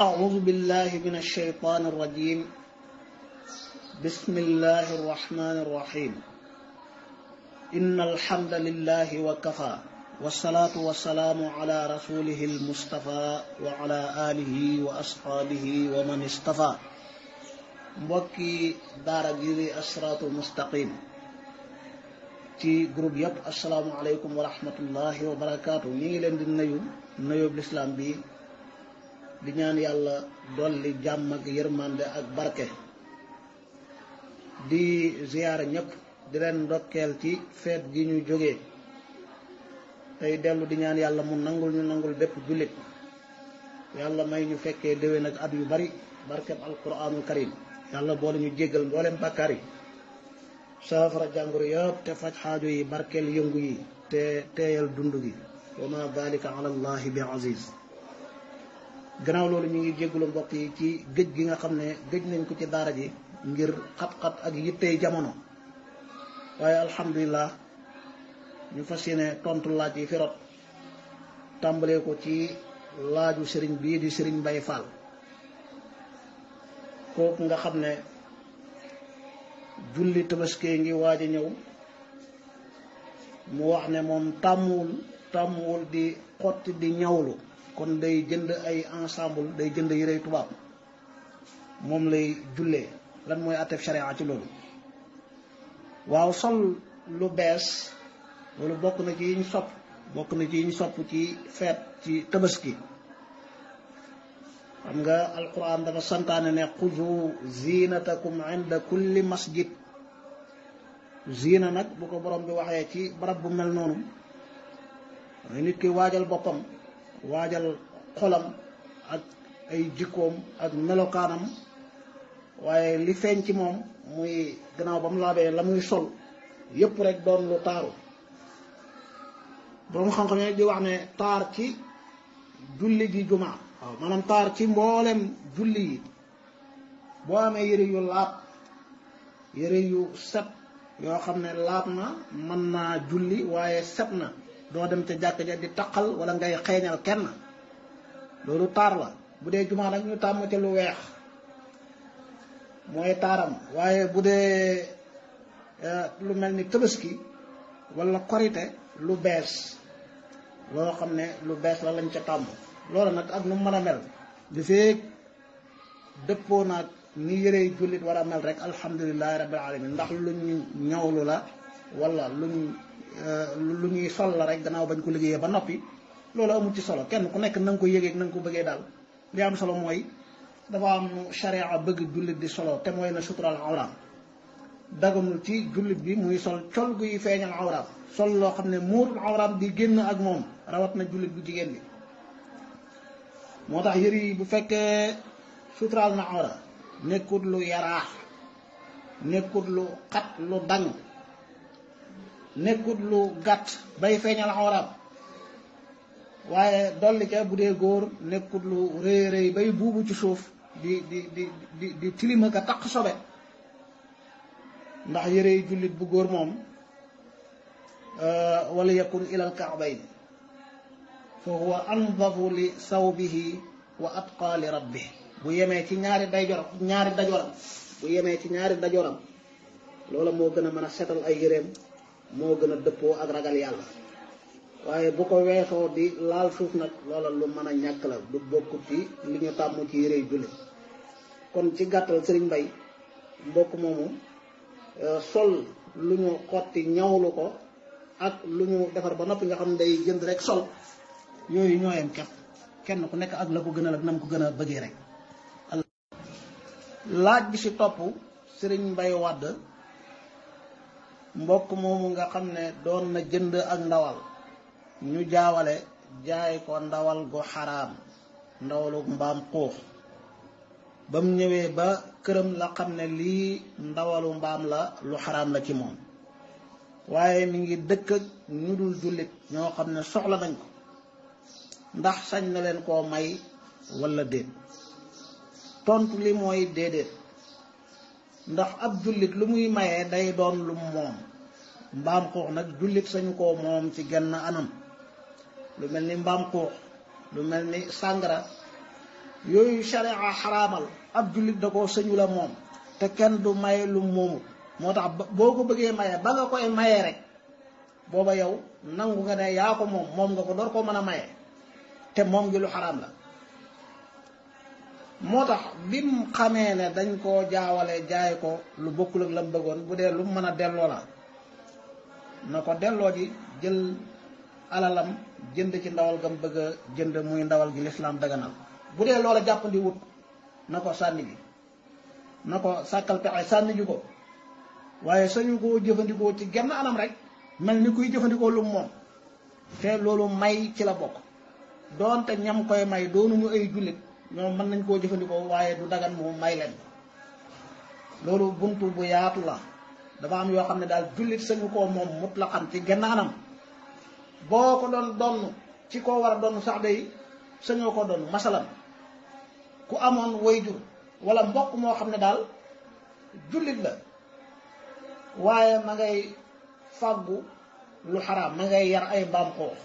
أعوذ بالله من الشيطان الرجيم بسم الله الرحمن الرحيم إن الحمد لله وكفى والصلاة والسلام على رسوله المصطفى وعلى آله وأصحابه ومن اصطفى مبكي دار جيري أسرات المستقيم تي جروب يب السلام عليكم ورحمة الله وبركاته ñu دي نيو نيو بالإسلام بي di ñaan yàlla dolli jàmm ak yërmande ak barke di ziyaara ñëpp di leen ndokkeel ci feet gi ñu jógee tey dellu di ñaan yàlla mu nangul ñu nangul bépp jullit yàlla may ñu fekkee déwén ak at yu bari barkeb alquranul karim yàlla boole ñu jéggal mbooleem bàkkaar yi saafara jàngoro yëpp te faj xaajo yi barkeel yëngu yi te teeyal dund gi wa ma dalika ala allahi bi aziz gannaaw loolu ñu ngi jéggulu mbokk yi ci gëj gi nga xam ne gëj nañ ko ci daara ji ngir xat-xat ak yittey jamono waaye alhamdulillah ñu fas yéene tontu laaj yi fi rot tàmbalee ko ci laaju sëriñ bii di sëriñ mbay fall kooku nga xam ne julli tabaskee ngi waaj a ñëw mu wax ne moom tàmmuwul tàmmuwul di xotti di ñawlu kon day jënd ay ensemble day jënd yërey tubaab moom lay jullee lan mooy atteb charia ci loolu waaw sol lu bees loolu bokk na ci yi sopp bokk na ci yi ñu sopp ci feet ci tabaski xam nga alquran dafa santaane ne xuzu zinatakum inda kulli masjid zina nag bu ko borom bi waxee ci barab bu mel noonu mooy nit ki waajal bokkam waajal xolam ak ay jikkoom ak melokaanam waaye li feeñ ci moom muy gannaaw ba mu laabee la muy sol yépp rek doon lu taaru borom xam-xam wax ne taar ci julli gi jumaa waaw taar ci mboolem julli yi boo amee yëre yu laab yëre yu set yoo xam ne laab na mën naa julli waaye set na doo dem ca jàkk ja di taqal wala ngay xeeñal kenn loolu taar la bu dee jumaa nag ñu tàmm ca lu weex mooy taaram waaye bu dee eh, lu mel ni tabaski wala korite lu bees loo xam ne lu bees la lañ ca tàmm loolu nag ak nu mën a mel li feeg dëppoo naag ni yërey jullit wara a mel rek alhamdulilahi rabbil alamin ndax lu ñu ñawlu la wala lu ñuy eh, lu ñuy sol la rek gannaaw bañ ko liggéeyee ba noppi loolu amul ci solo kenn ku nekk na ko yëgee na ko bëggee daal li am solo mooy dafa am charia bëgg jullit di solo te mooy na suturaal awraam dagamul ci jullit bi muy sol col guy feeñal sol loo xam ne muurul awraam di génn ak moom rawat na jullit bu jigéen bi moo tax yëri yi bu fekkee suturaal na awra nekkut lu yaraax nekkut lu xat lu dañ nekut lu gat bay feeñal xawraam waaye dolli ca bu dee góor nekkut lu re re bay bubu ci suuf di di di di di tilima ka taq sobe ndax yërey jullit bu gor mom moom wala yakun ilal kaabayn fa huwa andafu li sawbihi wa atqa li rabbih bu yemee ci ñaari dayjoram ñaari dajoram bu yemee ci ñaari dajoram loola moo gën a mën a setal ay yëreem mo gëna deppo ak ragal yalla waye bu ko weesoo di laal suuf nak loola lu mën a la du bokku ci li ñu tàmm ci yërey jullit kon ci gattal sëriñ mbay mbokk momu euh, sol lu ñu xoti ñawlu ko ak lu ñu defar ba noppi nga xam day jënd rek sol yooyu ñoyam kep kenn ku nekk ak la ko gën a ak nam ko gëna a rek laaj bi ci topp sëriñ mbay wàdd mbokk moomu nga xam ne doon na jënd ak ndawal ñu jaawale jaay ko ndawal gu xaraam ndawalu mbaam xuux ba mu ñëwee ba këram la xam ne lii ndawalu mbaam la lu xaraam la ci moom waaye mu ngi dëkk ñu dul jullit ñoo xam ne soxla nañ ko ndax sañ na leen koo may walla déet tontu li mooy déedéet ndax ab jullit lu muy maye day doon lu moom mbaam xuux nag jullit sañu koo moom ci genn anam lu mel ni mbaam xuux lu mel ni sàngara yooyu sharia xaraamal ab jullit da ko sañu la moom te kenn du may lu moomut moo tax boo ko bëggee maye ba nga koy maye rek booba yow nangu nga ne yaa ko moom moom nga ko door koo mën a maye te moom gi lu xaraam la moo tax bi xamee ne dañ koo jaawale jaay ko lu bokkul ak lam bëggoon bu dee lu mu mën a delloo laa na ko delloo ji jël alalam jënd ci ndawal gam bëgg a jënd muy ndawal gi lislaam daganal bu dee loola jàppandi wut na ko sànni ji na ko sàkkal pexe sànni ko waaye sañu koo jëfandikoo ci genn anam rek mel ni kuy jëfandikoo lu moom te loolu may ci la bokk doonte ñam koy may doonu mu ay jullit ñoom mën nañ koo jëfandikoo waaye du dagan moom may leen loolu bunt bu yaatu la dafa am yoo xam ne daal jullit sañu koo moom mutlaqan ci genn boo ko doon donn ci koo war a donn sax day sañoo ko doon masalan ku amoon wayjur wala mbokk moo xam ne daal jullit la waaye ma ngay fàggu lu xaraam ma ngay yar ay mbaam xoox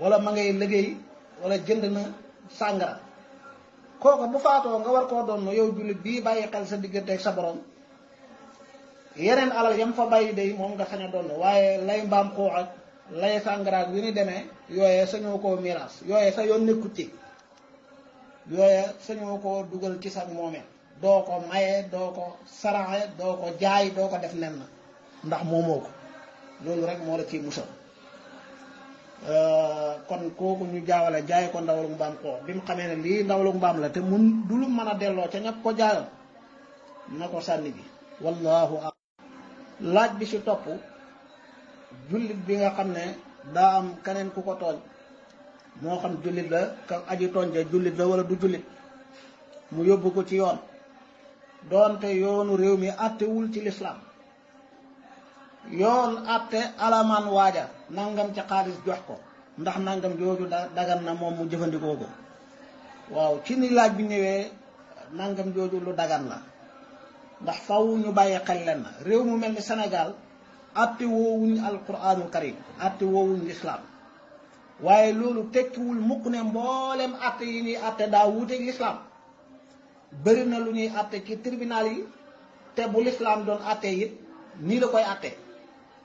wala ma ngay liggéey walla jënd na sàngara kooka bu faatoo nga war koo doon yow jullit bii bàyyi xel sa digganteeg sa borom yeneen alal yam fa bàyyi day moom nga sañ a doon waaye lay mbaam xuux ak lay sàngaraag yu ni demee yooyee sañoo ko miraas yooyee sa yoon nekkut ci yooye sañoo ko dugal ci sag moomeel doo ko maye doo ko saraxe doo ko jaay doo ko def nen na ndax moomoo ko loolu rek moo la ci musal Euh, kon kooku ñu jaawale jaay ko ndawalug mbaam ko bi mu xamee ne lii ndawalug mbaam la te mun du lu mën a delloo ca ñàkk ko jaayoon na ko sànni bi wallahu a laaj bi ci topp jullit bi nga xam ne daa am keneen ku ko tooñ moo xam jullit la ka aji tooñ ja jullit la wala du jullit mu yóbbu ko ci yoon doonte yoonu réew mi àttewul ci lislaam yoon atte alamaan waaja nangam ci xaalis jox ko ndax nangam jooju dagan na moom mu jëfandikoo ko waaw ci ni laaj bi ñëwee nangam jooju lu dagan la ndax faw ñu bàyyi xel leen na réew mu mel ni Sénégal atte woowuñ alquraanu karim atte woowuñ lislaam waaye loolu tekkiwul mukk ne mbooleem atte yi ñuy atte daa wuuteeg lislaam bëri na lu ñuy atte ci tribunal yi te bu lislaam doon atte it nii la koy atte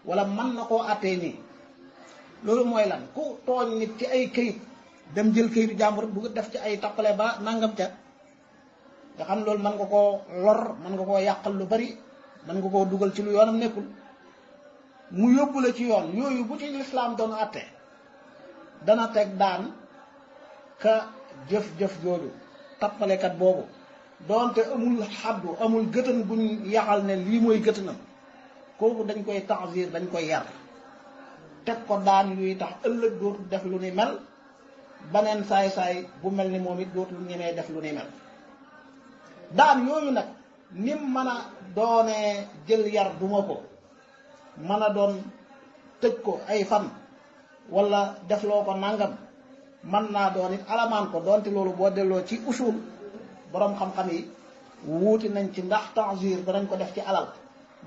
wala mën na koo àttee nii loolu mooy lan ku tooñ nit ci ay këyit dem jël këyitu jàmbur bu def ci ay tappale ba nangam ca nga xam loolu mën nga koo lor mën nga koo yàqal lu bari mën nga koo dugal ci lu yoonam nekkul mu yóbbu la ci yoon yooyu bu ci lislaam doon àtte dana teg daan ka jëf-jëf jooju tappalekat boobu doonte amul xaddu amul gëtën buñ yaxal ne lii mooy gëtënam kooku dañ koy tensir dañ koy yar teg ko daan yuy tax ëllëg dootul def lu ni mel baneen saay-saay bu mel ni moom it dootul ñemee def lu ni mel daan yooyu nag nim mën a doonee jël yar duma ko mën doon tëj ko ay fan wala defloo ko nangam mën naa doon it alamaan ko doonte loolu boo delloo ci usul boroom xam-xam yi wuuti nañ ci ndax tensir danañ ko def ci alal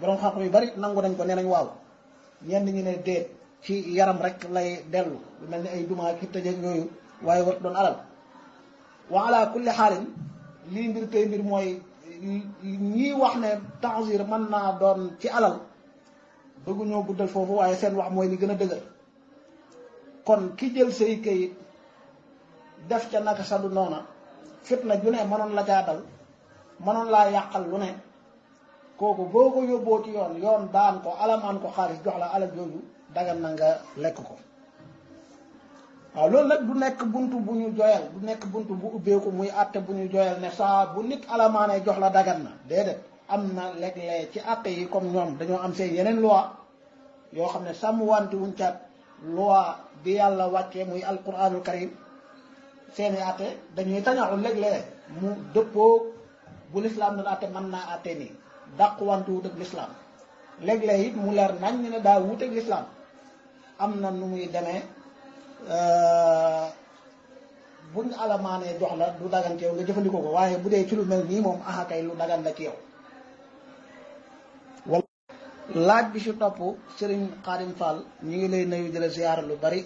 borom xam-xam yu bari nangu nañ ko nee nañ waaw ñenn ñu ne déet ci yaram rek lay dellu lu mel ni ay dumaa ki tëjee yooyu waaye war doon alal wa ala kulli xaalin lii mbir tey mbir mooy ñii wax ne tensir mën naa doon ci alal bëgguñoo guddal foofu waaye seen wax mooy li gën a dëgër kon ki jël say kayit def ca naka sadu du noona fitna ju ne mënoon la caa dal mënoon laa yàqal lu ne kooku boo ko yóbboo ci yoon yoon daan ko alamaan ko xaalis jox la alal jooju dagan na nga lekk ko waaw loolu nag du nekk bunt bu ñu joyal du nekk buntu bu ubbeeku muy àtte bu ñu joyal ne saa bu nit alamaanee jox la dagan na déedéet am na léeg ci àtte yi comme ñoom dañoo am seen yeneen loi yoo xam ne sàmm wante wuñ caat loi bi yàlla wàccee muy alquranul karim seeni àtte dañuy tañaxul léeg-léeg mu dëppoo bu lislaam doon àtte mën naa àtte nii dàquwante wut ak lislaam léeg-léeg mu leer nañ ne daa wut ak lislaam am na nu muy demee euh, buñ alamaanee jox la du dagan ci yow nga jëfandikoo ko waaye bu dee ci lu mel nii moom aha kay lu dagan la yow laaj bi si topp Serigne Xaadim ñu ngi lay nuyu di ziyaara lu bari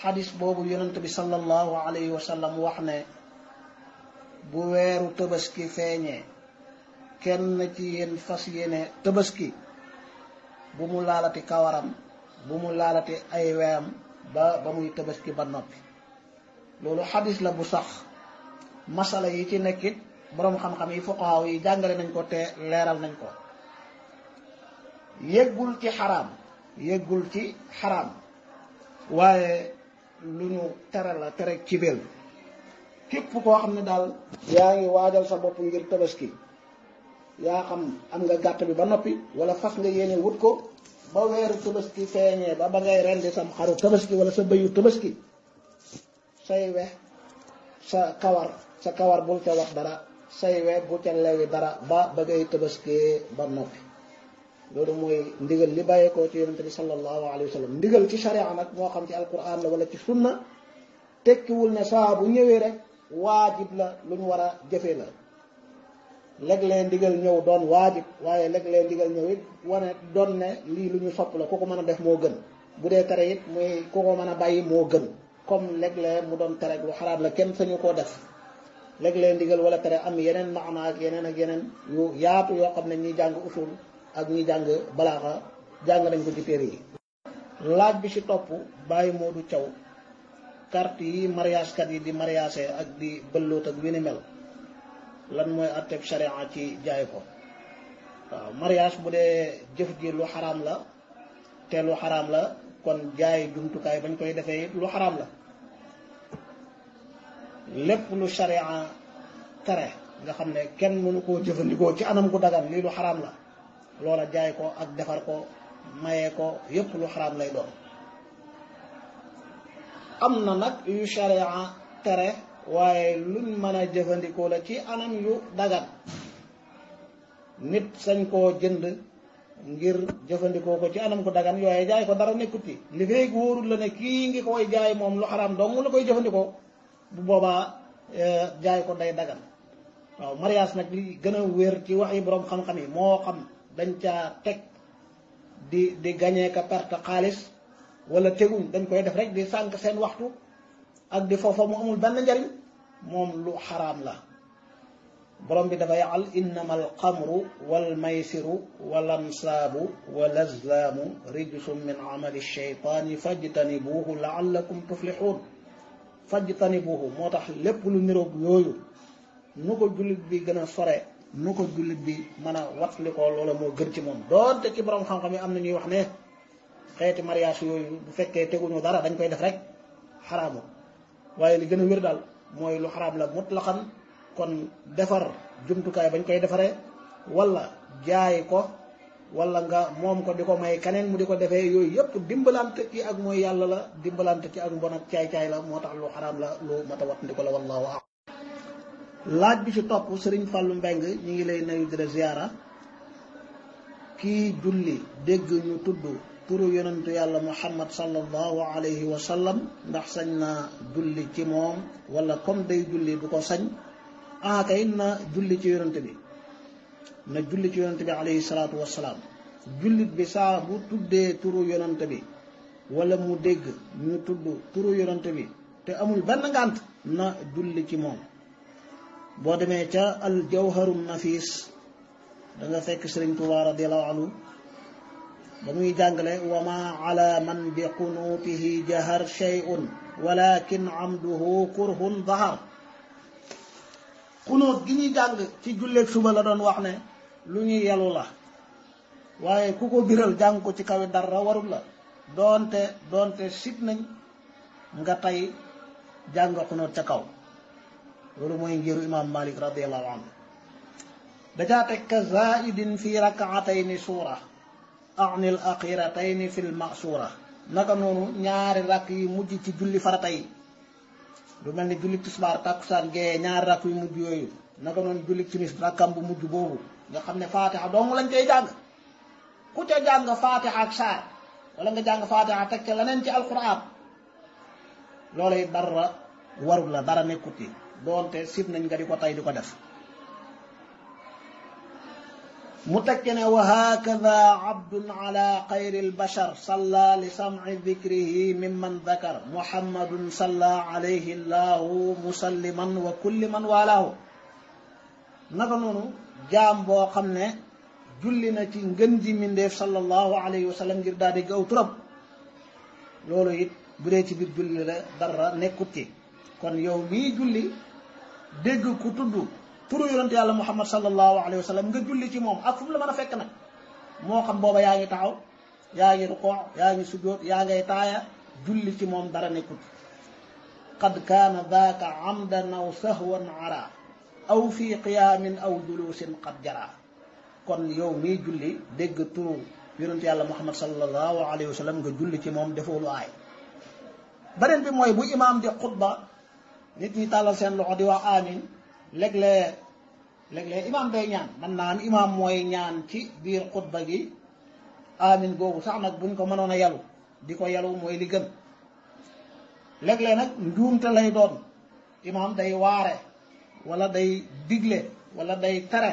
xadis boobu yonent bi sallallahu alayhi wa wax ne bu weeru tabaski feeñee kenn ci yéen fas yéene tabaski bu mu laalati kawaram bu mu laalati ay weyam ba ba muy tabaski ba noppi loolu xadis la bu sax masala yi ci nekkit boroom xam-xam yi fuqahaa yi jàngale nañ ko te leeral nañ ko yëggul ci xaraam yëggul ci xaraam waaye lu ñu tere la tere ci bél képp koo xam ne daal yaa ngi waajal sa bopp ngir tabaski yaa xam am nga gàtt bi ba noppi wala fas nga yéene wut ko ba weeru tabaski feeñee ba ba ngay rendi sam xaru tabaski wala sa bëyu tabaski say we sa kawar sa kawar bul ca wax dara say we bu ca lewi dara ba ba ngay tabaskee ba noppi loolu mooy ndigal li bàyyeekoo ci yonente bi sallallahu alayhi wa sallam ndigal ci sharia nag moo xam ci alquran la wala ci sunna tekkiwul ne saa bu ñëwee rek waajib la lu ñu war a jëfee la léeg-léeg ndigal ñëw doon waajib waaye léeg-léeg ndigal ñëw it wane doon ne lii lu ñu sopp la ku ko mën a def moo gën bu dee tere it muy ku ko mën a bàyyi moo gën comme léeg-léeg mu doon tere lu xaraam la kenn sañu koo def léeg-léeg ndigal wala tere am yeneen maana ak yeneen ak yeneen yu yaatu yoo xam ne ñi jàng usul ak ñi jàng balaaxa jàng nañ ko ci téere yi laaj bi ci topp bàyyi Modou Thiaw carte yi mariage kat yi di mariage ak di bëlloot ak yu ni mel lan mooy atteb charia ci jaay ko waaw mariage bu dee jëf ji lu xaraam la teelu lu la kon jaay jumtukaay bañ koy defee it lu xaraam la lépp lu charia tere nga xam ne kenn mënu koo jëfandikoo ci anam gu dagan lii lu xaraam la loola jaay ko ak defar ko mayee ko yépp lu xaraam lay doon am na nag yu charia tere waaye luñ mën a jëfandikoo la ci anam yu dagat nit sañ koo jënd ngir jëfandikoo ko ci anam ko dagan yooye jaay ko dara nekkut ci li feeg wóorul la ne kii ngi koy jaay moom lu xaraam dong la koy jëfandikoo bu boobaa e, jaay ko day dagan waaw mariage nag li gën a wér ci wax yi boroom xam-xam yi moo xam dañ caa teg di di gañee ka xaalis walla teguñ dañ koy def rek di sànq seen waxtu ak di foofa mu amul benn njariñ moom lu xaraam la borom bi dafay al innama al xamru wal maysiru wal ansaabu wal azlaamu rijsum min amali sheytaani fajtanibuuhu laallakum tuflixuun fajtanibuuhu moo tax lépp lu niroog yooyu nu ko jullit bi gën a sore nu ko jullit bi mën a watlikoo loola moo gën ci moom doonte ci borom xam-xam yi am na ñuy wax ne xeeti mariage yooyu bu fekkee teguñu dara dañ koy def rek xaraamul waaye li gën a wér daal mooy lu xaraam la mutlaqan kon defar jumtukaay bañ koy defaree wala jaay ko walla nga moom ko di ko may keneen mu di ko defee yooyu yëpp dimbalante ci ak mooy yàlla la dimbalant ci ak mbon ak caay-caay la moo tax lu xaraam la lu mata wat ndi ko la wallahu a'lam laaj bi ci topp sëriñ Fallou Mbeng ñu ngi lay nuyu di la ziyaara kii julli dégg ñu tudd turu yonentou yàlla muhammad sallallahu alayhi wa sallam ndax sañna naa julli ci mom wala comme day julli du ko sañ a kay na julli ci yonentou bi na julli ci yonentou bi alayhi salatu wa salam jullit bi sa bu tuddé turu yonentou bi wala mu dégg ñu tudd turu yonentou bi te amul ben ngànt na julli ci mom bo démé ca al jawharun nafis da nga fekk serigne touba radiyallahu anhu ba muy jàngale wa ma ala man bi qunuutihi jahar shay'un walakin amduhu kurhun zahar xunuut gi ñu jàng ci julleeg suba la doon wax ne lu ñuy yelu la waaye ku ko biral jàng ko ci kaw dara warul la doonte doonte sit nañ nga tey jàng xunuut ca kaw loolu mooy ngiru imaam malik radiallahu anhu dajaa teg zaidin fi rakaatayni suura anil akhirataini fil ma'sura naka nonu ñaari rak yi mujj ci julli farata yi du melni julli tisbar takusan ge ñaar rak yi mujj yoyu naka non julli timis rakam bu mujj bobu nga xamne fatiha dong lañ cey jang ku ca jang fatiha ak sar wala nga jang fatiha tek ci lanen ci alquran lolay dara warul la dara nekuti donte sip nañ nga diko tay diko def mu tekki ne wa hakada abdun ala xayri albashar salla li samci dicrihi mimman dakar muhammadun salla alayhi llahu musalliman wa kulli man walaahu naka noonu jaam boo xam ne julli na ci ngën ji mindeef sallallahu alayhi wa sallam ngir daal di gaw turab loolu it bu dee ci biir julli la dara nekkut ci kon yow mii julli dégg ku tudd turu yonent yàlla muhammad sallallahu alayhi wasallam nga julli ci mom ak fum la meuna fek nak mo xam boba yaangi taxaw yaangi ngi yaangi yaa ngi taaya julli ci mom dara nekut qad kaana daaka amdan aw sahwan ara aw fi qiyaamin aw julusin qad jara kon yow mii julli dégg turu yonent yàlla muhammad sallallahu alayhi wa sallam nga julli ci moom defoo lu aay beneen bi mooy bu imaam di xutba nit ñi tàllal seen loxo di wax amin léeg-léeg imaam day ñaan man naan imaam mooy ñaan ci biir xutba gi amin googu sax nag buñ ko mënoon a yalu di ko yalu mooy li gën léeg nag njuumte lay doon imaam day waare walla day digle walla day tere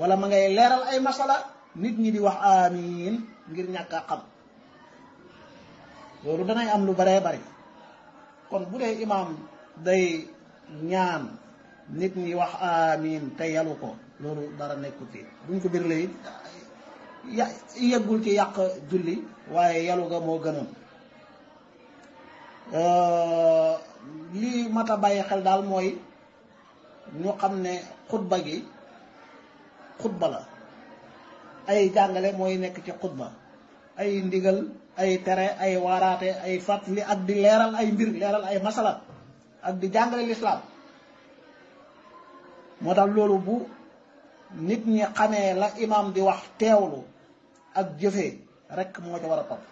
wala ma ngay leeral ay masala nit ñi di wax amin ngir ñàkk xam loolu danay am lu bare bari kon bu dee imaam day ñaan nit ñi wax amiin te yalu ko loolu dara nekku ci duñ ko birle it ya yeggul ci yàq julli waaye yalu ga moo gënoon euh, li mat a bàyyi xel daal mooy ñu xam ne xutba gi xutba la ay jàngale mooy nekk ci xutba ay ndigal ay tere ay waraate ay fàttali ak di leeral ay mbir leeral ay masala ak di jàngale lislaam moo tax loolu bu nit ñi xamee la imaam di wax teewlu ak jëfee rek moo ci war a topp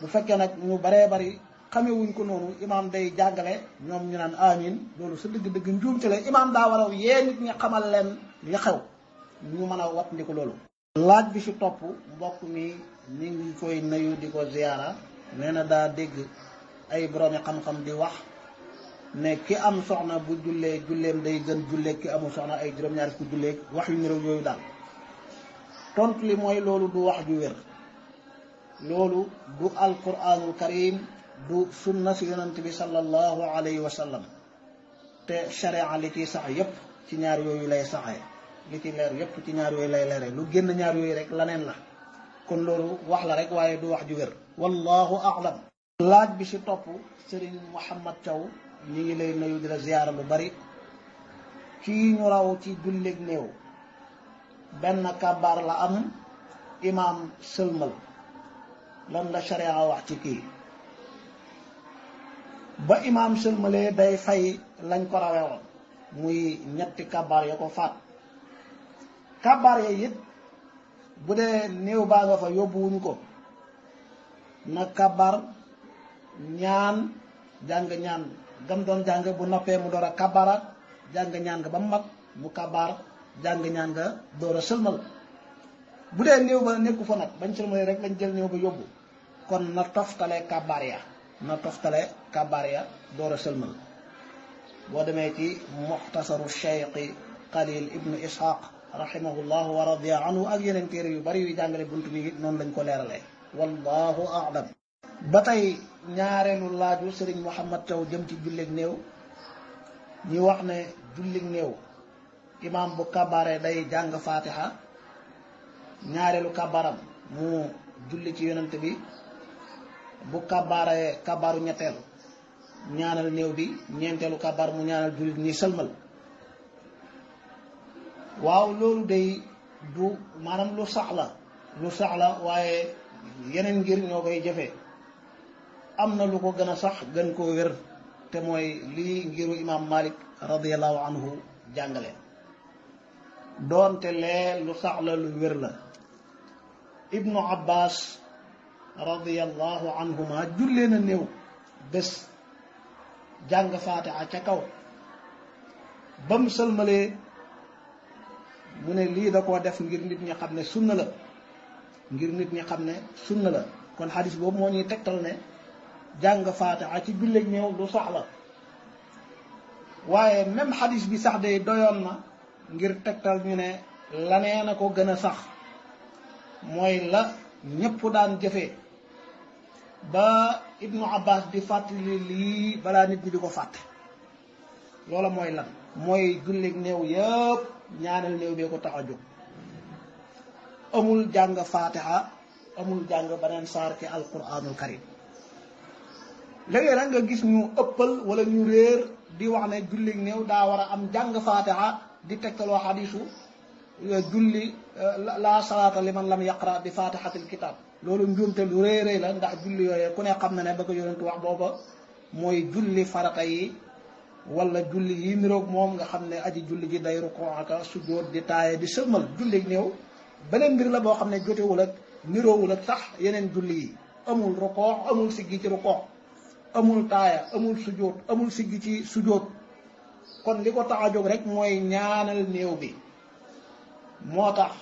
bu fekkee nag ñu baree bari xamewuñ ko noonu imaam day jàngale ñoom ñu naan amin loolu sa dëgg-dëgg njuumte la imaam daa war a yee nit ñi xamal leen li xew ñu mën a wat ndiku loolu laaj bi ci topp mbokk mi ni ngi koy nuyu di ko ziyaara nee na daa dégg ay boroomi xam-xam di wax ne ki am soxna bu jullee julleem day gën julleeg ki amul soxna ay juróom-ñaar ku julleeg wax yu niroog yooyu daal tont li mooy loolu du wax ju wér loolu du alquranul karim du sunna si yonent bi sallallahu alayhi wa sallam te sharia li ciy sax yépp ci ñaar yooyu lay saxee li ci ci ñaar lay leere lu génn ñaar yooyu rek laneen la kon loolu wax la rek waaye du wax ju wér wallahu a'lam laaj bi si topp Serigne Mouhamad Thiaw ñi ngi lay nuyu di ziyaara lu bari kii ñu raw ci julleeg néew benn kàbbaar la am imaam sëlmal lan la sharia wax ci kii ba imaam sëlmalee day fay lañ ko rawee muy ñetti kàbbaar ya ko faat kàbbaar ya it bu dee néew baa nga fa yóbbuwuñu ko na kàbbaar ñaan jàng ñaan gam doon jàng bu noppee mu door a kabaraat jàng ñaan nga ba mu mag mu kabaar jàng ñaan nga door a sëlmal bu dee néew ba nekku fa nag bañ sëlmalee rek lañ jël néew ba yóbbu kon na toftale kabaar ya na toftale kabaar ya door a sëlmal boo demee ci muxtasaru cheikhi qalil ibnu ishaq rahimahullah wa radiya anhu ak yeneen téere yu bari yu jàngale bunt bi noonu lañ ko leeralee wallahu a'lam ba tey ñaareelu laaju sëriñ Mouhamad Thiaw jëm ci jullig néew ñi wax ne jullig néew imaam bu kabaare day jàng faatiha ñaareelu kabaram mu julli ci yonent bi bu kabaare kabaru ñetteel ñaanal néew bi ñeenteelu kabar mu ñaanal jullit ñi sëlmal waaw loolu day du maanaam lu sax la lu sax la waaye yeneen ngir ñoo koy jafe am na lu ko gën a sax gën koo wér te mooy lii ngiru imam malik radiallahu jàngale doonte lee lu sax la lu wér la ibnu abbas radiallahu anhuma jullee na néew bés jàng faatiha ca kaw ba mu sëlmalee mu ne lii da koo def ngir nit ñi xam ne sunna la ngir nit ñi xam ne sunna la kon xadis boobu moo ñuy tegtal ne jàng faatiha ci julleeg néew du soxla waaye même xadis bi sax day doyon na ngir tegtal ñu ne lanee na ko gën a sax mooy la ñépp daan jëfee ba ibnu abbas di fàttali lii balaa nit ñi di ko fàtte loola mooy lan mooy julleeg néew yëpp ñaanal néew bee ko tax a jóg amul jàng faatiha amul jàng beneen saar ki alquranul karim léegi nag nga gis ñu ëppal wala ñu réer di wax ne julli néew daa war a am jàng fatiha di tegtaloo xadisu julli la salaata liman lam yaqra bi fatihatil kitab loolu njuumte lu rëy rëy la ndax julli yooyee ku ne xam na ne ba ko yonent wax booba mooy julli farata yi wala julli yi niroog moom nga xam ne aji julli ji day rukoo ak sujjóot di taaye di sëlmal julli néew beneen mbir la boo xam ne jotewul ak niroowul ak sax yeneen julli yi amul rukoo amul siggi ci rukoo amul taaya amul sujoot amul siggi ci sujoot kon li ko tax a jóg rek mooy ñaanal néew bi moo tax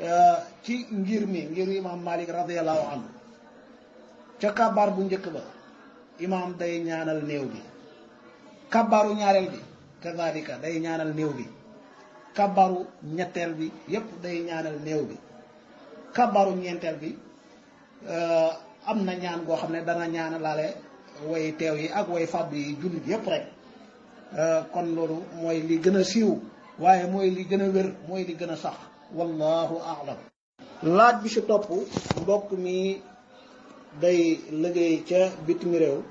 euh, ci ngir mi ngir imam malik radiallahu anhu ca kabaar bu njëkk ba imam day ñaanal néew bi kabaaru ñaareel bi kazalika day ñaanal néew bi kabaaru ñetteel bi yépp day ñaanal néew bi kabaaru ñeenteel bi euh, am na ñaan goo xam ne dana ñaanalaale way teew yi ak way fab yi jullit yépp rek euh, kon loolu mooy li gën a siiw waaye mooy li gën a wér mooy li gën a sax wallahu aalam laaj bi si topp mbokk mi day liggéey ca bitim réew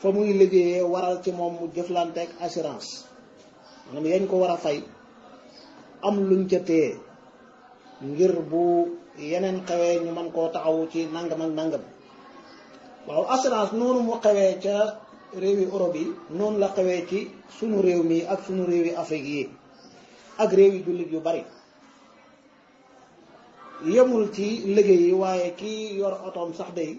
fa muy liggéeyee waral ci moom mu jëflante ak assurance maanaam yañ ko war a fay am luñ ca téye ngir bu yeneen xewee ñu man koo taxaw ci nangam ak nangam waaw assurance noonu mu xewee ca réew réewi Europe yi noonu la xewee ci suñu réew mii ak suñu réew réewi Afrique yi ak réewi jullit yu bari yemul ci liggéey yi waaye kii yor otoom sax day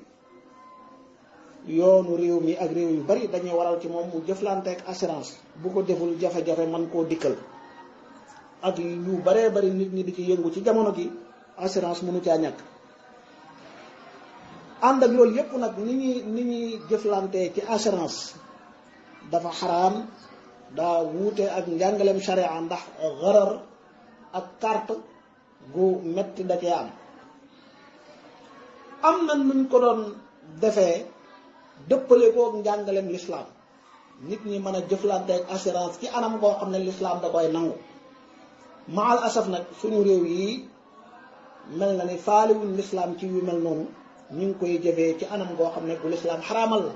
yoonu réew mi ak réew yu bari dañuy waral ci moom mu jëflante ak assurance bu ko deful jafe-jafe man koo dikkal ak yu baree bari nit ñi di ci yëngu ci jamono gi assurance mënu caa ñàkk ànd ak loolu yépp nag ni ñuy ni ñuy jëflantee ci assurance dafa xaraam daa wuute ak njàngaleem sharia ndax xarar ak carte gu metti da am am na nuñ ko doon defee dëppale ko ak njàngaleem lislaam nit ñi mën a jëflante ak assurance ci anam koo xam ne lislaam da koy nangu maal asaf nag suñu réew yi mel na ni faaliwuñ lislaam ci yu mel noonu ñu ngi koy jëfee ci anam goo xam ne bu lislaam xaraamal la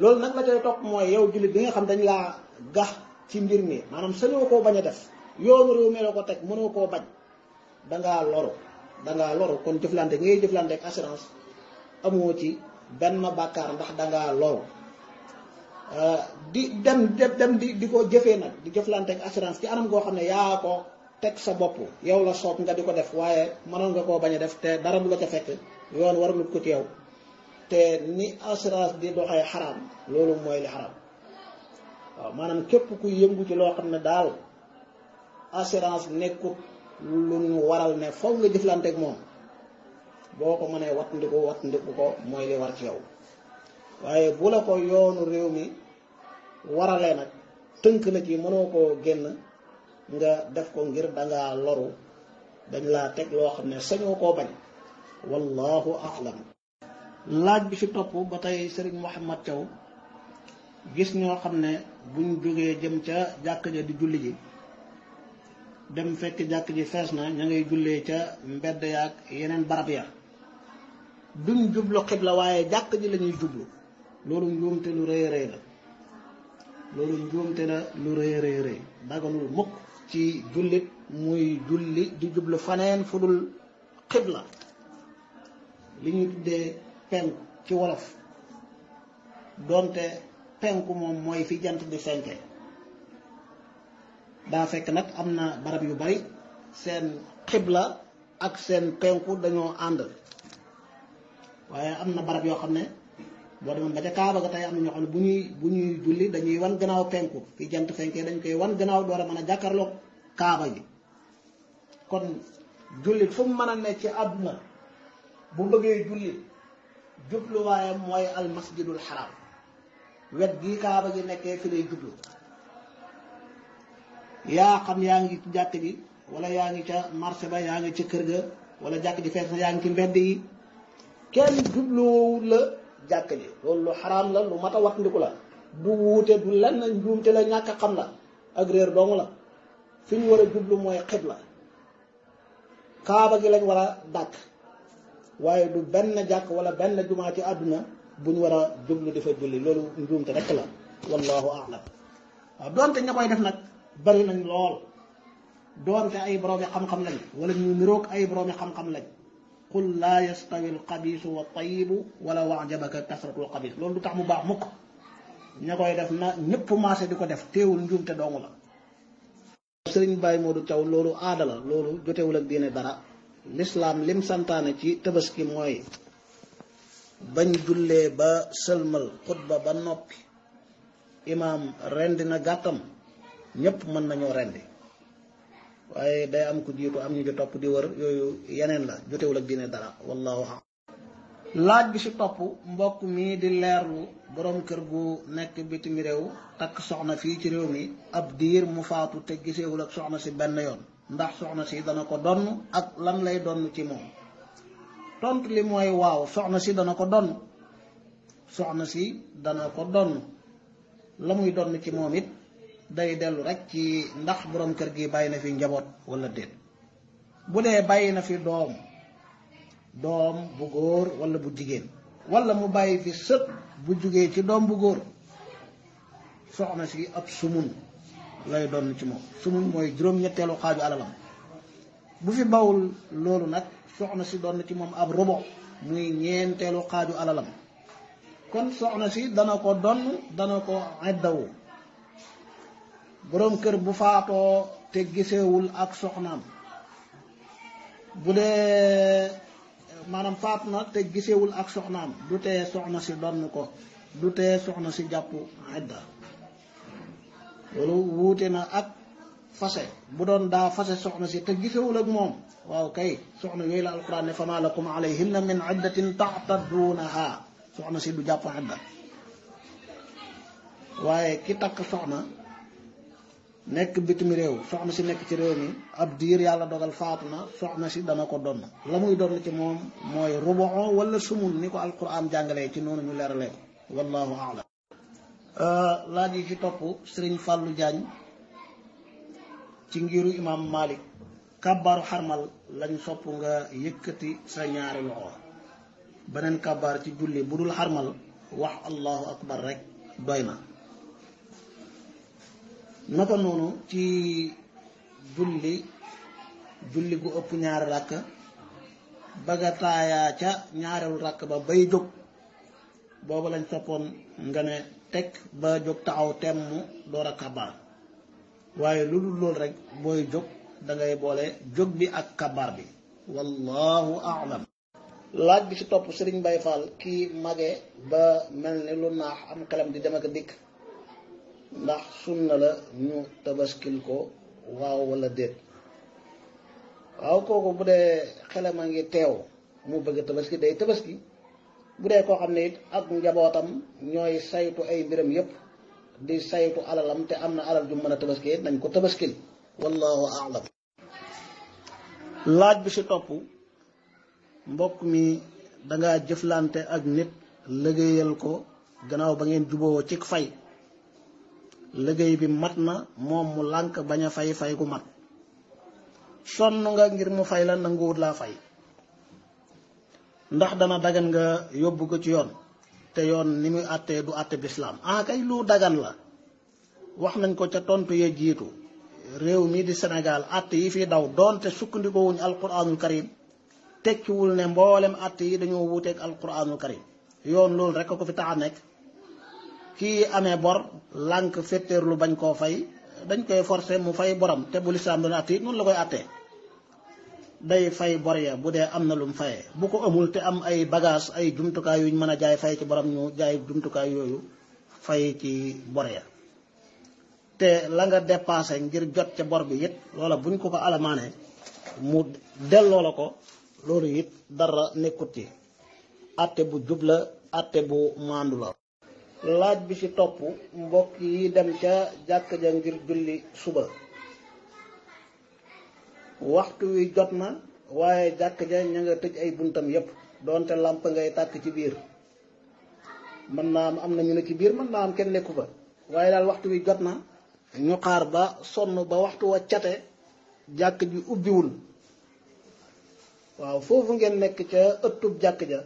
loolu nag la cay topp mooy yow julit bi nga xam dañ laa gax ci mbir mi maanaam sañoo koo bañ a def yoonu réew mi la ko teg mënoo koo bañ da ngaa loru da ngaa loru kon jëflante ngay jëflante ak assurance amoo ci benn bàkkaar ndax da ngaa loru euh, di dem dem di di ko jëfee nag di jëflante ak assurance ci anam goo xam ne yaa ko teg sa bopp yow la soob nga di ko def waaye mënoon nga koo bañ a def te dara bu la ca fekk yoon war ko ci yow te ni assurance di doxee xaraam loolu mooy li xaraam waaw maanaam képp ku yëngu ci loo xam ne daal assurance nekkut lu ñu waral ne foog nga jëflanteeg moom boo ko mënee wattandiku wattandiku ko mooy li war ci yow waaye bu la ko yoonu réew mi waralee nag tënk la ci mënoo ko génn nga def ko ngir danga loru dañ laa teg loo xam ne sañoo koo bañ wallahu a'lam laaj bi ci topp ba tey Serigne Mouhamad Thiaw gis ñoo xam ne buñ jógee jëm ca jàkk ja di julli ji dem fekk jàkk ji fees na ña ngay jullee ca mbedd yaak yeneen barab ya duñ jublu xibla waaye jàkk ji lañuy jublu loolu njuumte lu rëy rëy loolu njuumte lu rëy rëy mukk ci jullit muy julli di jublu faneen fu dul xibla li ñuy tuddee penku ci wolof doonte penku moom mooy fi jant di fenke daa fekk nag am na barab yu bari seen xibla ak seen penku dañoo ànd waaye am na barab yoo xam ne boo demoon ba ca Kaaba ga tey am na ñoo xam ne bu ñuy bu ñuy julli dañuy wan gannaaw penku fi jant fenkee dañ koy wan gannaaw door a mën a jàkkaarloog Kaaba gi kon jullit fu mu mën a nekk ci adduna bu bëggee jullit jubluwaayam mooy almasjidul xaraam wet gi Kaaba gi nekkee fi lay jublu yaa xam yaa ngi jàkk ji wala yaa ngi ca marché ba yaa ngi ca kër ga wala jàkk ji fees na yaa ngi ci mbedd yi kenn jubluwul la. jàkk ji loolu lu xaraam la lu mat a wat ndiku la du wuute du lenn njuumte la ñàkk xam la ak réer dong la fi ñu war a jublu mooy xibla kaaba gi lañ war a dàkk waaye du benn jàkk wala benn jumaa ci àdduna bu ñu war a jublu defa julli loolu njuumte rekk la wallahu a'lam waaw doonte ña koy def nag bari nañ lool doonte ay boroomi xam-xam lañ wala ñu niroog ay boroomi xam-xam lañ qul la yastawi al-khabithu wa at-tayyib wa law a'jabaka kathratu al-khabith loolu du mu baax mukk ña def na ñepp massé diko def teewul njumte dong la serigne bay modou taw loolu aada la loolu jotewul ak diine dara l'islam lim santana ci tabaski moy bañ jullee ba sëlmal xutba ba noppi imam rendi na gatam ñëpp mën nañoo rendi waaye day am ku jiitu am ñu ci topp di wër yooyu yeneen la jotewul ak diine dara wallahu am laaj bi si topp mbokk mi di leerlu boroom kër gu nekk bitim réew takk soxna fii ci réew mi ab diir mu faatu te gisewul ak soxna si benn yoon ndax soxna si dana ko donn ak lan lay donn ci moom tont li mooy waaw soxna si dana ko donn soxna si dana ko donn la muy donn ci moom it day dellu rek ci ndax borom kër gi bàyyi na fi njaboot walla déet bu dee bàyyi na fi doom doom bu góor wala bu jigéen walla mu bàyyi fi sët bu jógee ci doom bu góor soxna si ab sumun lay doon ci moom sumun mooy juróom-ñetteelu xaaju alalam bu fi bawul loolu nag soxna si doon ci moom ab robo muy ñeenteelu xaaju alalam kon soxna si dana ko donn dana ko eddawu borom kër bu faatoo te gisewul ak soxnaam bu dee maanaam faat na te gisewul ak soxnaam du tee soxna si donn ko du tee soxna si jàpp xedda loolu wuute na ak fase bu doon daa fase soxna si te gisewul ak moom waaw kay soxna yooyu la alquran ne fama lakum alayhinna min iddatin taxtadduunaha soxna si du jàpp xedda waaye ki takk soxna nekk bitim réew soxna si nekk ci réew mi ab diir yàlla dogal faatu na soxna si dama ko donn la muy donn ci moom mooy rubu'u wala sumul ni ko alquran jàngalee ci noonu ñu leeralee ko wallahu euh, ci topp sëriñ Fallou Diagne ci ngiru imam Malik xarmal lañ sopp nga yëkkati sa loxo beneen kàbbaar ci julli bu dul xarmal wax allahu akbar rek doy na naka noonu ci julli julli gu ëpp ñaari rakk baga ca ñaareelu rakk ba bay jóg booba lañ soppoon nga ne teg ba jóg taxaw temm door a kabaar waaye lu dul loolu rek booy jóg dangay boole jóg bi ak kabaar bi wallahu a'lam laaj bi ci topp Sëriñ Mbay Fall kii mage ba mel ni lu naax am xelam di dem ak dikk ndax sunna la ñu tabaskil ko waaw wala déet waaw kooku bu dee xelam a ngi teew mu bëgg tabaski day tabaski bu dee koo xam ne it ak njabootam ñooy saytu ay mbiram yépp di saytu alalam te am na alal ju mën a tabaski it nañ ko tabaskil wallahu a'lam laaj bi ci topp mbokk mi danga jëflante ak nit liggéeyal ko gannaaw ba ngeen juboo ci fay liggéey bi mat na moom mu lànk bañ a fay fay gu mat sonn nga ngir mu fay la nanguwut laa fay ndax dana dagan nga yóbbu ko ci yoon te yoon ni muy àttee du àtte bislaam ah kay lu dagan la wax nañ ko ca tontu yee jiitu réew mii di senegal àtte yi fi daw donte sukkandiku wuñ alquranul karim tekkiwul ne mboolem àtte yi dañoo wuuteeg alquranul karim yoon loolu rek ko fi tax a nekk. kii amee bor lànk féttéer lu bañ koo fay dañ koy forcer mu fay boram te bu lislaam doon àtte noonu la koy àttee day fay bor ya bu dee am na lu mu fayee bu ko amul te am ay bagage ay jumtukaay yu ñu mën a jaay fay ci borom ñu jaay jumtukaay yooyu fay ci bor ya te la nga dépassé ngir jot ca bor bi it loola buñ ko ko alamaanee mu delloo la ko loolu it dara nekkut ci àtte bu jub la àtte bu maandu la laaj bi ci topp mbokk yi dem ca jàkk ja ngir julli suba waxtu wi jot na waaye jàkk ja ña nga tëj ay buntam yépp donte lamp ngay tàkk ci biir mën naa am am na ñu ne ci biir mën naa am kenn nekku fa waaye daal waxtu wi jot na ñu xaar ba sonn ba waxtu wa cate jàkk ji ubbiwul waaw foofu ngeen nekk ca ëttub jàkk ja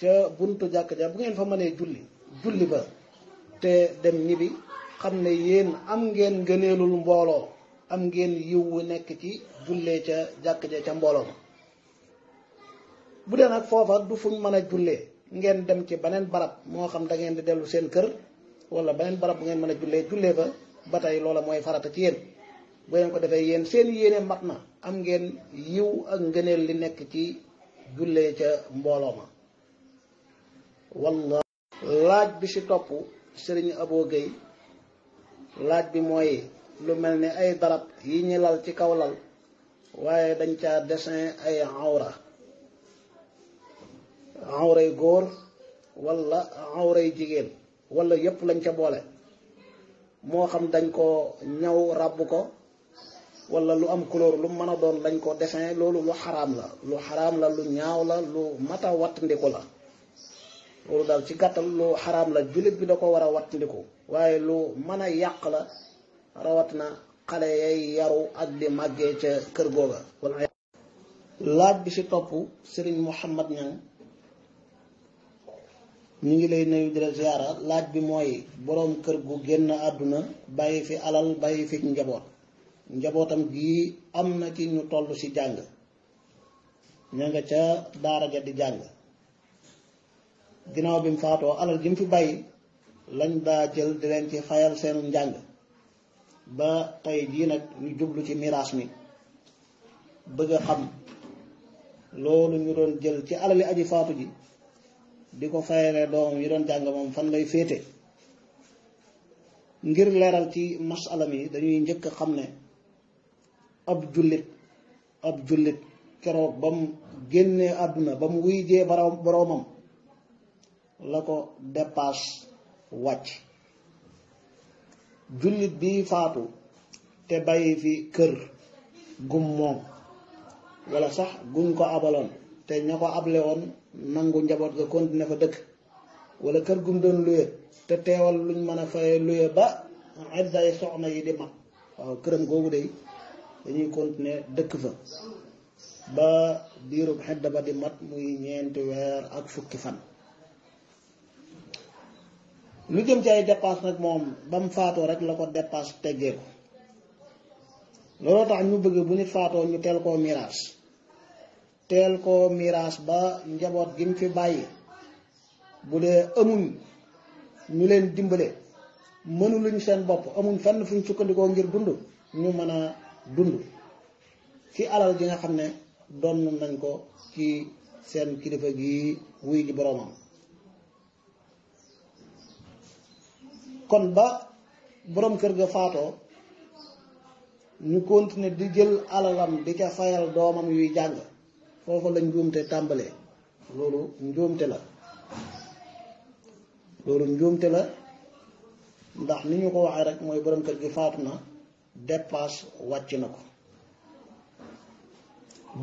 ca buntu jàkk ja bu ngeen fa mënee julli julli ba te dem ñibi xamne yeen am ngeen gëneelul mbolo am ngeen yiw wu nekk ci julle ca jakk ja ca mbolo bu de nak fofa du fuñ mëna julle ngeen dem ci benen barab mo xam da ngeen di delu seen kër wala benen barab bu ngeen mëna julle julle ba batay loola moy farata ci yeen bu ngeen ko defé yeen seen yene matna am ngeen yiw ak li nekk ci julle ca mbolo ma wallah laaj bi si topp sëriñ aboo Guèye laaj bi mooy lu mel ni ay darab yi ñu lal ci kaw lal waaye dañ caa dessin ay awra awray góor wala awray jigéen walla yépp lañ ca boole moo xam dañ ko ñaw ràbb ko walla lu am couleur lu mën a doon lañ ko dessin loolu lu xaraam la lu xaram la lu ñaaw la lu mata wattandiku la loolu daal ci gàttal lu xaraam la jullit bi da ko war a wattandiku waaye lu mën yàq la rawat na xale yay yaru ak di màggee ca kër googa wala laaj bi ci topp sëriñ Mouhamad Niang ñu ngi lay nuyu di la laaj bi mooy boroom kër gu génn àdduna bàyyi fi alal bàyyi fi njaboot njabootam gi am na ci ñu toll ci jàng ña nga ca daara ja di jàng ginnaaw bi mu faatoo alal ji mu fi bàyyi lañ daa jël di leen ci fayal seenu njàng ba tey jii nag ñu jublu ci miraas mi bëgg a xam loolu ñu doon jël ci alali aji faatu ji di ko fayalee doomam yi doon jàng moom fan lay féete ngir leeral ci masala mi dañuy njëkk xam ne ab jullit ab jullit keroog ba mu génnee àdduna ba mu wuy jee boroomam la ko dépasse wàcc jullit bi faatu te bàyyi fi kër gum moom wala sax guñ ko abaloon te ña ko able woon nangu njaboot ga continuer fa dëkk wala kër gum doon luye te teewal luñ mën a fay luye ba idday soxna yi di mag waaw këram googu de dañuy continuer dëkk fa ba diirub xedda ba di mat muy ñeenti weer ak fukki fan lu jëm ci ay dépense nag moom ba mu faatoo rek la ko dépense teggee ko looloo tax ñu bëgg bu nit faatoo ñu teel koo miraas teel koo miraas ba njaboot gi mu fi bàyyi bu dee amuñ ñu leen dimbale mënu luñ seen bopp amuñ fenn fuñ sukkandikoo ngir dund ñu mën a dund fi alal ji nga xam ne doon nañ ko ci seen kilifa gi wuy ji boroomam kon ba boroom kër ga faatoo ñu continuer di jël alalam di ca fayal doomam yuy jàng foofu la njuumte tàmbalee loolu njuumte la loolu njuumte la ndax ni ñu ko waxee rek mooy boroom kër gi faatu na dépasse wàcc na ko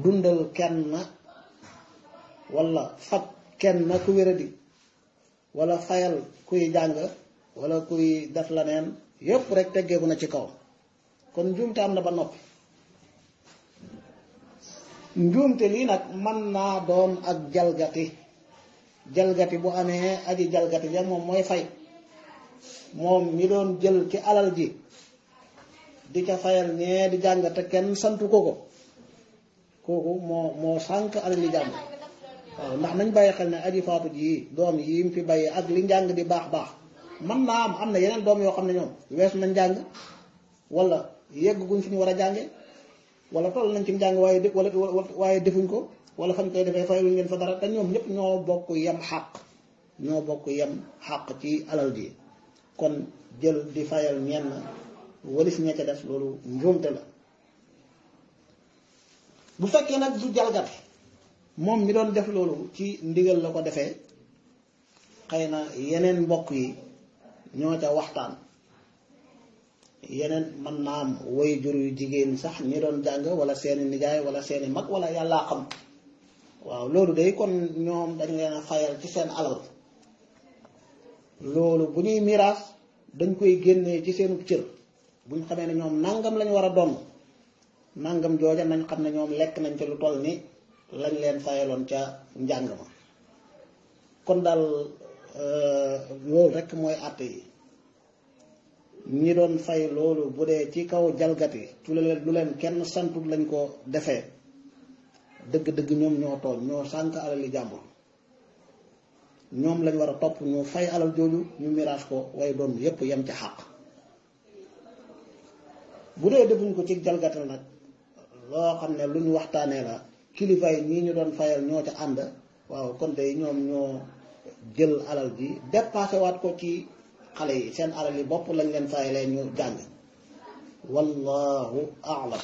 dundal kenn wala faj kenn ku wéradi wala fayal kuy jàng wala kuy def la neen yépp rek teggeeku na ci kaw kon njuumte am na ba noppi njuumte lii nag man naa doon ak jalgati jalgati bu amee aji jalgati ja moom mooy fay moom ñi doon jël ci alal ji di ca fayal ñee di jàng te kenn santu ko ko kooku moo moo sànq alal li jàng waaw ndax nañ bay xel ne aji faatu ji doom yi mu fi bàyyi ak li njàng di baax baax man na am domi yenen yeneen doom yoo xam ñoom nañ jang wala yegguñ fi ñu wara jangé wala toll nañ ci jang waye def wala waye defuñ ko wala fañ koy defé fayluñ ngeen fa dara ta ñoom ñep ñoo bokku yam haq ñoo bokku yam haq ci alal di kon jël di fayal ñen walis ñeca def lolu ñoom te la bu fekke nak du jalgat mom mi doon def lolu ci ndigal la ko defee xëy na mbokk yi ñoo ca waxtaan yeneen mën naa am way jur yu jigéen sax ñi doon jàng wala seeni nijaay wala seeni mag wala yàllaa xam waaw loolu day kon ñoom dañ leen a fayal ci seen alal loolu bu ñuy miraas dañ koy génnee ci seenu cër bu ñu xamee ne ñoom nangam lañu war a doon nangam jooja nañ xam ne ñoom lekk nañ ci lu toll ni lañ leen fayaloon ca njàng ma kon daal Euh, loolu rek mooy àtte yi ñi doon fay loolu bu dee ci kaw jalgati ci lu leen kenn santu lañ ko defee dëgg-dëgg ñoom ñoo tooñ ñoo sànq alali jàmbur ñoom lañ war a topp ñu fay alal jooju ñu miraas ko way doon yépp yem ci xàq bu dee defuñ ko ci jalgatal nag loo xam ne lu ñu waxtaanee la kilifa yi ñii ñu doon fayal ñoo ca ànd waaw kon de ñoom ñoo jël alal ji dépassé waat ko ci xale yi seen alal yi bopp lañ leen fay leen ñu jàng wallahu aalam